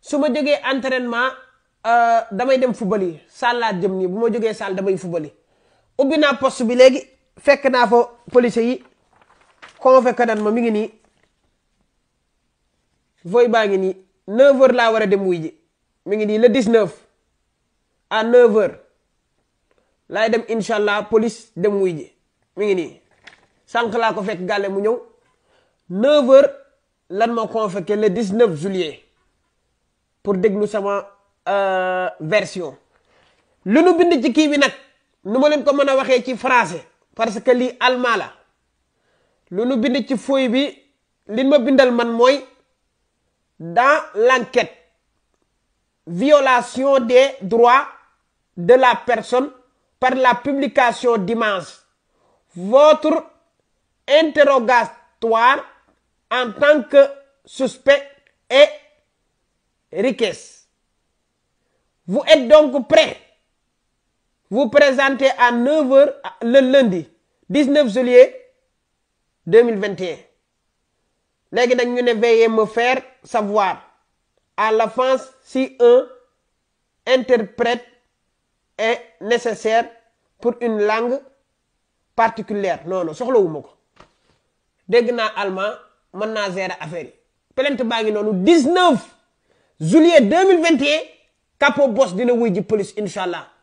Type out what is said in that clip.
su ma jógee entraînement euh, damay dem fubal yi saal laa jëm nii bu ma jógee saal damay fubal yi ubbi naa post bi léegi fekk naa fa police yi fekk nan ma mi ngi nii voy baa ngi nii 9h laa war a dem wuy ji mi ngi nii le 19 à 9h laay dem incha allah police dem wuy ji mi ngi nii sànq laa ko fekk gàlle mu ñëw 9h lan ma convoqué le 19 juillet. pour déglu sama euh, version lu nu bind ci kii Nous nag nu français parce que lii allemand la lu nu bind ci feuille bi li dans l'enquête violation des droits de la personne par la publication d'images votre interrogatoire en tant que suspect est Riquet. Vous êtes donc prêts. Vous présentez à 9h le lundi 19 juillet 2021. léegi veuillez me faire savoir à la France si un interprète est nécessaire pour une langue particulière non non ce que Je naa allemand mën naa affaire ngi 19 juillet 2021 Capo Boss dina wuy ji police incha allah